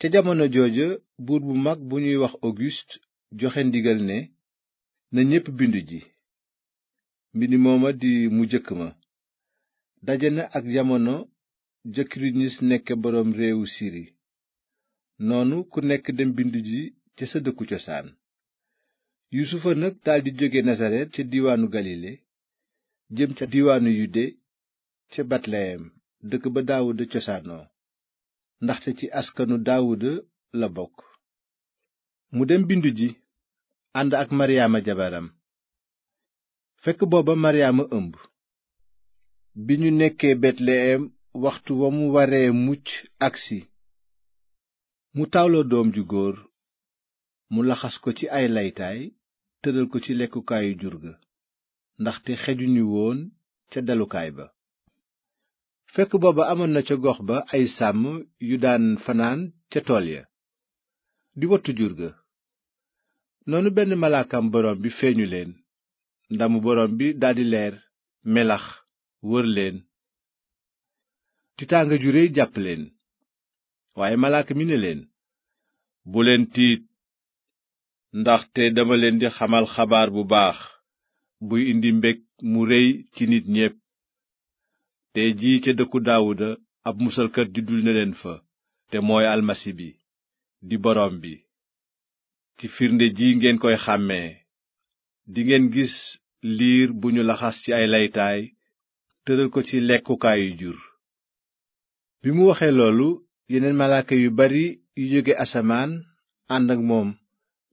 ca jamono jooja buur bu mag bu ñuy wax ogust joxe ndigal ne na ñépp bindu ji mbind di mu jëkk ma daje na ak jamono ja kiriyus nekke boroom réewu siri noonu ku nekk dem bindu ji ca sa dëkku cosaan yuusufa nag daldi jóge nasaret ca diiwaanu galile jëm ca diiwaanu yude ca betleyem dëkk ba daawuda cosaanoo ndaxte ci askanu daawuda la bokk mu dem bindu ji ànd ak maryaama jabaram fekk booba maryaama ëmb bi ñu nekkee betleyem waxtu wa mu waree mucc agsi mu tawloo doom ju góor mu laxas ko ci ay laytaay tëral ko ci lekkukaayu jur ga ndaxte xejuñu woon ca dalukaay ba fekk booba amoon na ca gox ba ay sàmm yu daan fanaan ca tool ya di wattu jur ga noonu benn malaakam boroom bi feeñu leen ndamu boroom bi daldi leer melax wër leen tiitaanga ju réy jàpp leen waaye malaaka mi ne leen bu leen tiit ndaxte dama leen di xamal xabaar bu baax buy indi mbég mu réy ci nit ñépp te ji ca dëkku daawuda ab musalkat juddul na leen fa te mooy almasi bi di boroom bi ci firnde ji ngeen koy xàmmee di ngeen gis liir bu ñu laxas ci ay laytaay tëral ko ci lekkukaayu jur bi mu waxee loolu yeneen malaaka yu bari yu jóge asamaan ànd ak moom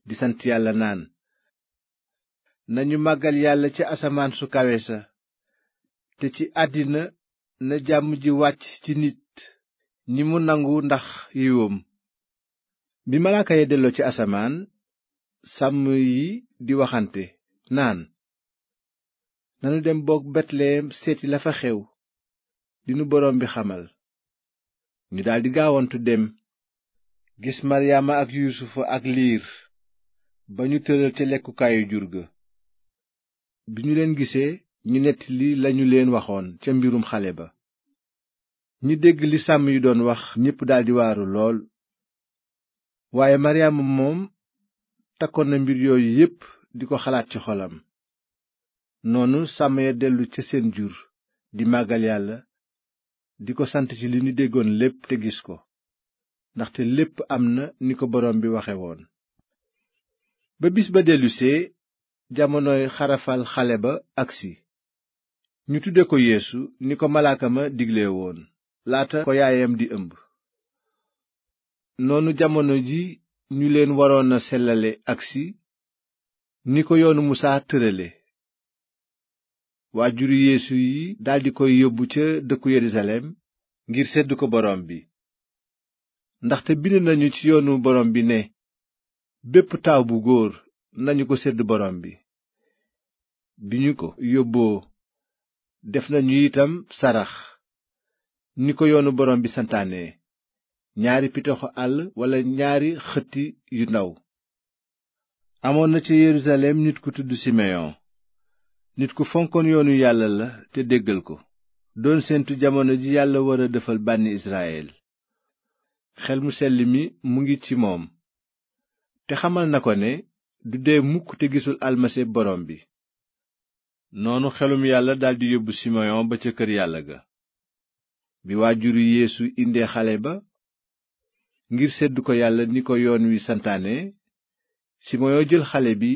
di sant yàlla naan nañu màggal yàlla ca asamaan su kawe sa te ci àddina na jàmm ji wàcc ci nit ñi mu nangu ndax yiwoom bi malaaka ya delloo ci asamaan sàmm yi di waxante naan nanu dem boog betleyem seeti la fa xew li boroom bi xamal ñu daldi gaawantu dem gis maryaama ak yuusufa ak liir ba ñu tëral ca lekkukaayu jur ga ñu leen gisee ñu nettali lañu leen waxoon ca mbirum xale ba ñi dégg li sàmm yi doon wax ñépp daldi waaru lool waaye maryaama moom takkoon na mbir yooyu yépp di ko xalaat ci xolam noonu sàmm ya dellu ca seen jur di màggal yàlla di ko sant ci li ñu déggoon lépp te gis ko ndaxte lépp am na ni ko boroom bi waxe woon ba bis ba dellusee jamonoy xarafal xale ba agsi ñu tudde ko yéesu ni ko malaaka ma digle woon laata ko yaayam di ëmb noonu jamono ji ñu leen waroon a sellale agsi ni ko yoonu musaa tërale waajuri yéesu yi daldi koy yóbbu ca dëkku yerusalem ngir sedd ko borom bi ndaxte bind nañu ci yoonu borom bi ne bépp taaw bu góor nañu ko sedd borom bi bi ñu ko yóbboo def nañu itam sarax ni ko yoonu borom bi santaane ñaari pitoxu àll walla ñaari xëtti yu ndaw amoon na ca yerusalem nit ku tudd simeyon nit ku fonkoon yoonu yàlla la te déggal ko doon sentu jamono ji yàlla war a defal bànni israyil xel mu sell mi mu ngi ci moom te xamal na ko ne du dee mukk te gisul almasi borom bi noonu xelum yàlla daldi yóbbu simeyon ba ca kër yàlla ga bi waajuru yeesu indee xale ba ngir sedd ko yàlla ni ko yoon wi santaane simeyon jël xale bi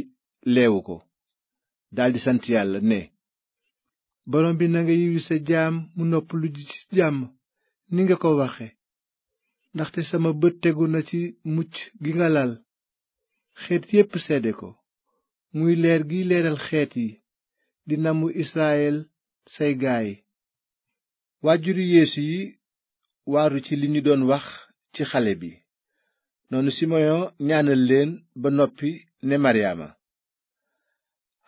leewu ko daldi sant yàlla ne borom bi nanga yiwi sa jaam mu noppalu ji ci jàmm ni nga ko waxe ndaxte sama bët tegu na ci mucc gi nga lal xeet yépp seede ko muy leer gi leeral xeet yi di namu israyel say gaay waajuru yi waaru ci li ñu doon wax ci xale bi noonu simoyon ñaanal leen ba noppi ne maryaama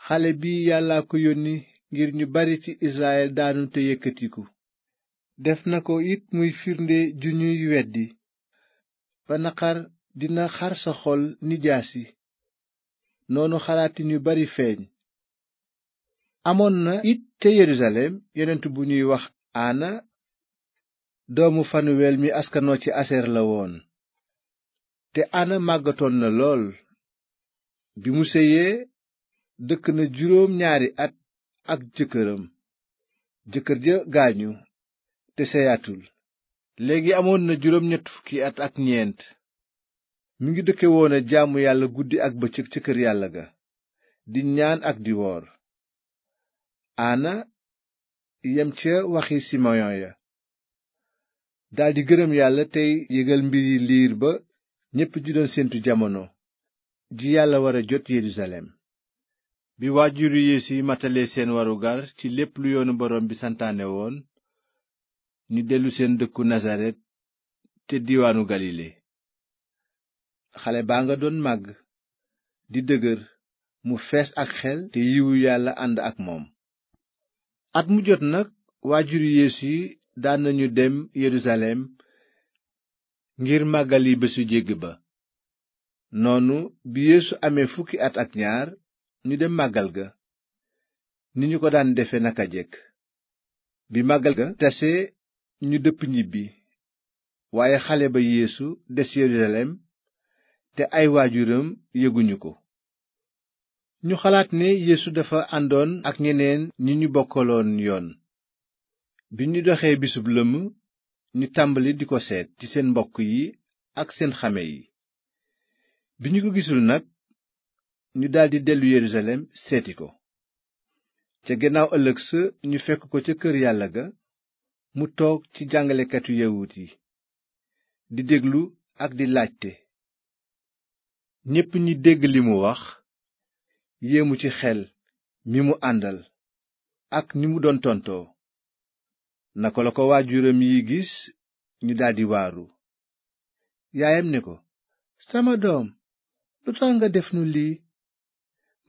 xale bi yàlla ko yónni ngir ñu bari ci israyel daanu te yëkkatiku def na ko it muy firnde ju ñuy weddi ba naqar dina xar sa xol ni jaasi noonu xalaatin ñu bari feeñ amoon na it te yerusalem yonent bu ñuy wax ana doomu fanuwel mi askanoo ci aseer la woon te ana màggatoon na lool bi mu seyee dëkk na juróom ñaari at ak jëkkëram jëkkër ja gaañu te seyatul léegi amoon na juróom ñett fukki at ak ñeent mu ngi dëkke woon a yàlla guddi ak bëccëg ca kër yàlla ga di ñaan ak diwoor ana yem ca waxi simoyon ya daldi gërëm yàlla tey yëgal mbiri liir ba ñépp di doon séentu jamono ji yàlla wara jot yerusalem bi waajuru yeesu yi matalee seen warugar ci lépp lu yoonu boroom bi santaane woon ñu dellu seen dëkku nasaret te diiwaanu galile nga doon màgg di dëgër mu fees ak yàlla ànd ak moom at mu jot nag waajuri yeesu yi daan nañu dem yerusalem ngir màggali bésu jégg ba noonu bi yeesu amee fukki at ak ñaar ñu dem màggal ga ni ñu ko daan defe naka jekk bi màggal ga tase ñu dëpp ñibbi waaye xale ba yéesu des yerusalem te ay waajuram yëguñu ko ñu xalaat ne yeesu dafa àndoon ak ñeneen ñi ñu bokkaloon yoon bi ñu doxee bisub lëmm ñu tàmbali di ko seet ci seen mbokk yi ak seen xame yi bi ñu ko gisul nag ñu daldi dellu yerusalem seeti ko ca gannaaw ëllëg sa ñu fekk ko ca kër yàlla ga mu toog ci jàngalekatu yawut yi di déglu ak di laajte ñépp ñi dégg li mu wax yéemu ci xel mi mu àndal ak ni mu doon tontoo naka la ko waa waajuram yi gis ñu daldi waaru yaayam ni ko sama doom lu tax nga def nu lii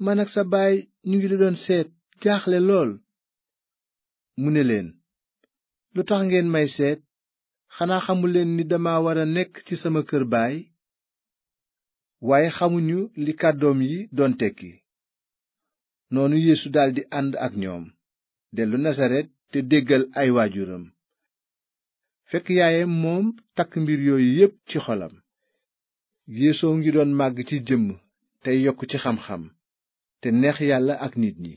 man ak sa baay ñu ngi la doon seet jaaxle lool mu ne leen lu tax ngeen may seet xanaa xamu leen ni dama war a nekk ci sama kër baay waaye xamuñu li kàddoom yi doon tekki noonu yéesu daldi ànd ak ñoom dellu nasaret te déggal ay waajuram fekk yaayam moom takk mbir yooyu yépp ci xolam yeesoo ngi doon màgg ci jëmm tey yokk ci xam-xam te neex yàlla ak nit ñi